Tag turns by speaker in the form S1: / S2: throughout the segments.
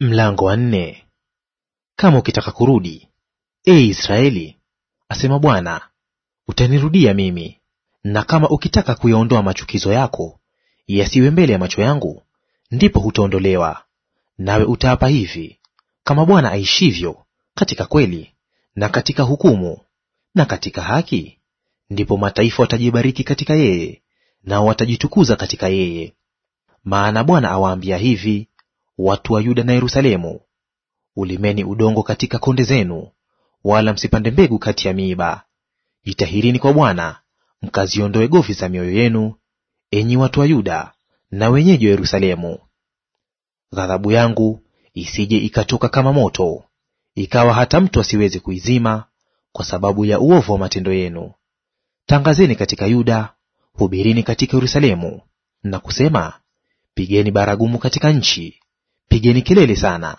S1: Mlango wa nne. Kama ukitaka kurudi, e Israeli, asema Bwana, utanirudia mimi. Na kama ukitaka kuyaondoa machukizo yako yasiwe mbele ya macho yangu, ndipo hutaondolewa. Nawe utaapa hivi, kama Bwana aishivyo, katika kweli na katika hukumu na katika haki, ndipo mataifa watajibariki katika yeye, nao watajitukuza katika yeye. Maana Bwana awaambia hivi watu wa Yuda na Yerusalemu, ulimeni udongo katika konde zenu, wala msipande mbegu kati ya miiba. Jitahirini kwa Bwana, mkaziondoe gofi za mioyo yenu, enyi watu wa Yuda na wenyeji wa Yerusalemu. Ghadhabu yangu isije ikatoka kama moto, ikawa hata mtu asiweze kuizima, kwa sababu ya uovu wa matendo yenu. Tangazeni katika Yuda, hubirini katika Yerusalemu, na kusema, pigeni baragumu katika nchi, Pigeni kelele sana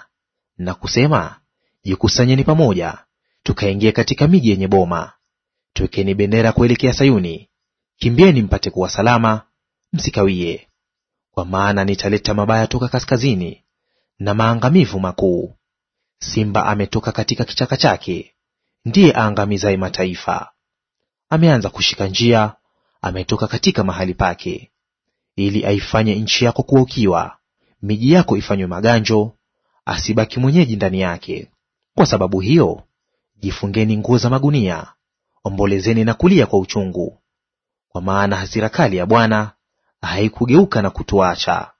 S1: na kusema, jikusanyeni pamoja, tukaingia katika miji yenye boma. Twekeni bendera kuelekea Sayuni, kimbieni mpate kuwa salama, msikawie. Kwa maana nitaleta mabaya toka kaskazini na maangamivu makuu. Simba ametoka katika kichaka chake, ndiye aangamizaye mataifa. Ameanza kushika njia, ametoka katika mahali pake, ili aifanye nchi yako kuwa ukiwa, miji yako ifanywe maganjo, asibaki mwenyeji ndani yake. Kwa sababu hiyo, jifungeni nguo za magunia, ombolezeni na kulia kwa uchungu, kwa maana hasira kali ya Bwana haikugeuka na kutuacha.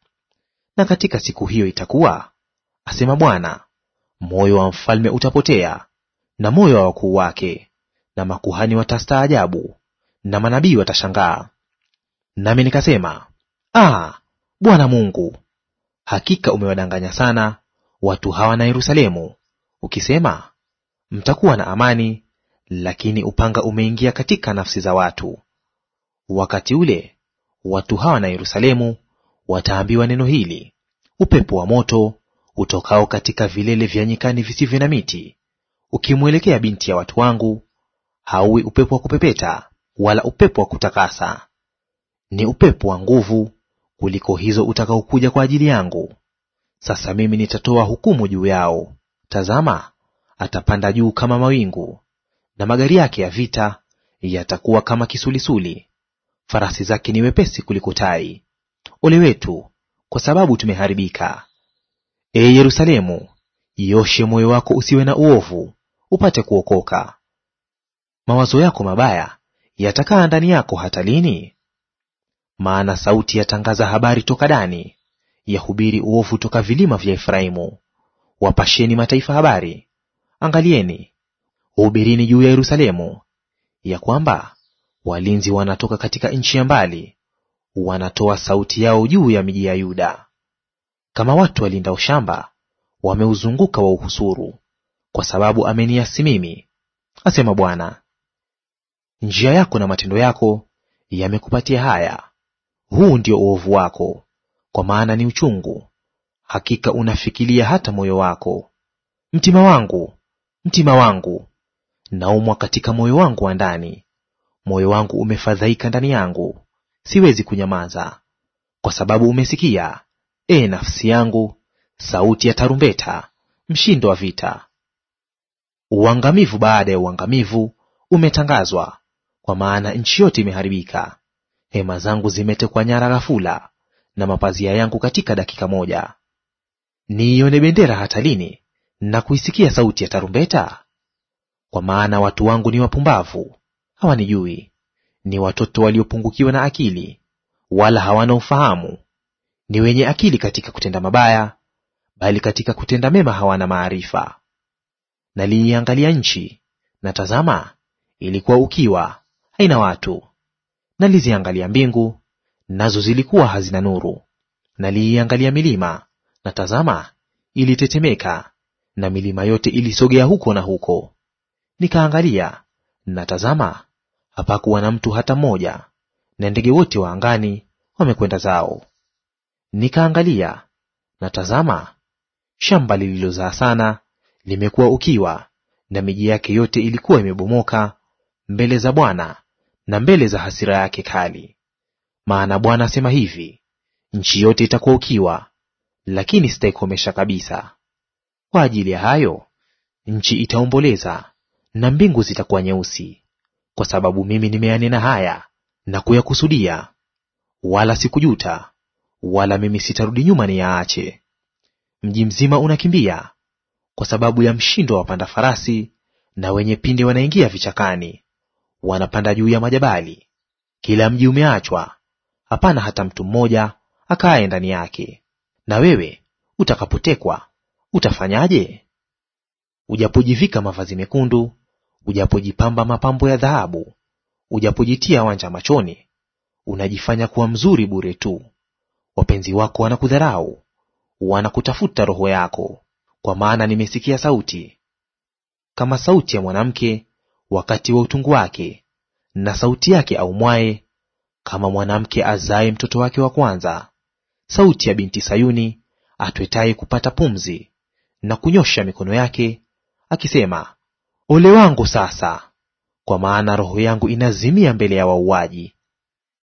S1: Na katika siku hiyo itakuwa, asema Bwana, moyo wa mfalme utapotea na moyo wa wakuu wake, na makuhani watastaajabu na manabii watashangaa. Nami nikasema, Ah, Bwana Mungu, Hakika umewadanganya sana watu hawa na Yerusalemu, ukisema, mtakuwa na amani, lakini upanga umeingia katika nafsi za watu. Wakati ule watu hawa na Yerusalemu wataambiwa neno hili, upepo wa moto utokao katika vilele vya nyikani visivyo na miti ukimwelekea binti ya watu wangu, hauwi upepo wa kupepeta wala upepo wa kutakasa; ni upepo wa nguvu kuliko hizo utakaokuja kwa ajili yangu. Sasa mimi nitatoa hukumu juu yao. Tazama, atapanda juu kama mawingu, na magari yake ya vita yatakuwa kama kisulisuli, farasi zake ni wepesi kuliko tai. Ole wetu, kwa sababu tumeharibika! E Yerusalemu, ioshe moyo wako, usiwe na uovu, upate kuokoka. Mawazo yako mabaya yatakaa ndani yako hata lini? Maana sauti yatangaza habari toka Dani, yahubiri uovu toka vilima vya Efraimu. Wapasheni mataifa habari, angalieni, hubirini juu ya Yerusalemu, ya kwamba walinzi wanatoka katika nchi ya mbali, wanatoa sauti yao juu ya miji ya Yuda. Kama watu walindao shamba, wameuzunguka wa uhusuru, kwa sababu ameniasi mimi, asema Bwana. Njia yako na matendo yako yamekupatia haya, huu ndio uovu wako, kwa maana ni uchungu; hakika unafikilia hata moyo wako. Mtima wangu, mtima wangu, naumwa katika moyo wangu wa ndani; moyo wangu umefadhaika ndani yangu, siwezi kunyamaza. Kwa sababu umesikia, e nafsi yangu, sauti ya tarumbeta, mshindo wa vita. Uangamivu baada ya uangamivu umetangazwa, kwa maana nchi yote imeharibika. Hema zangu zimetekwa nyara ghafula, na mapazia yangu katika dakika moja. Niione bendera hata lini, na kuisikia sauti ya tarumbeta? Kwa maana watu wangu ni wapumbavu, hawanijui; ni watoto waliopungukiwa na akili, wala hawana ufahamu. Ni wenye akili katika kutenda mabaya, bali katika kutenda mema hawana maarifa. Naliiangalia nchi, na tazama, ilikuwa ukiwa, haina watu, Naliziangalia mbingu, nazo zilikuwa hazina nuru. Naliiangalia milima, na tazama, ilitetemeka, na milima yote ilisogea huko na huko. Nikaangalia, na tazama, hapakuwa na mtu hata mmoja, na ndege wote wa angani wamekwenda zao. Nikaangalia, na tazama, shamba lililozaa sana limekuwa ukiwa, na miji yake yote ilikuwa imebomoka mbele za Bwana na mbele za hasira yake kali. Maana Bwana asema hivi, nchi yote itakuwa ukiwa, lakini sitaikomesha kabisa. Kwa ajili ya hayo nchi itaomboleza na mbingu zitakuwa nyeusi, kwa sababu mimi nimeyanena haya na kuyakusudia, wala sikujuta, wala mimi sitarudi nyuma niyaache. Mji mzima unakimbia kwa sababu ya mshindo wa wapanda farasi, na wenye pinde wanaingia vichakani, wanapanda juu ya majabali, kila mji umeachwa, hapana hata mtu mmoja akaaye ndani yake. Na wewe utakapotekwa utafanyaje? Ujapojivika mavazi mekundu, ujapojipamba mapambo ya dhahabu, ujapojitia wanja machoni, unajifanya kuwa mzuri bure tu. Wapenzi wako wanakudharau, wanakutafuta roho yako, kwa maana nimesikia sauti kama sauti ya mwanamke wakati wa utungu wake, na sauti yake aumwaye, kama mwanamke azaye mtoto wake wa kwanza, sauti ya binti Sayuni atwetaye kupata pumzi na kunyosha mikono yake akisema, ole wangu sasa, kwa maana roho yangu inazimia mbele ya wauaji,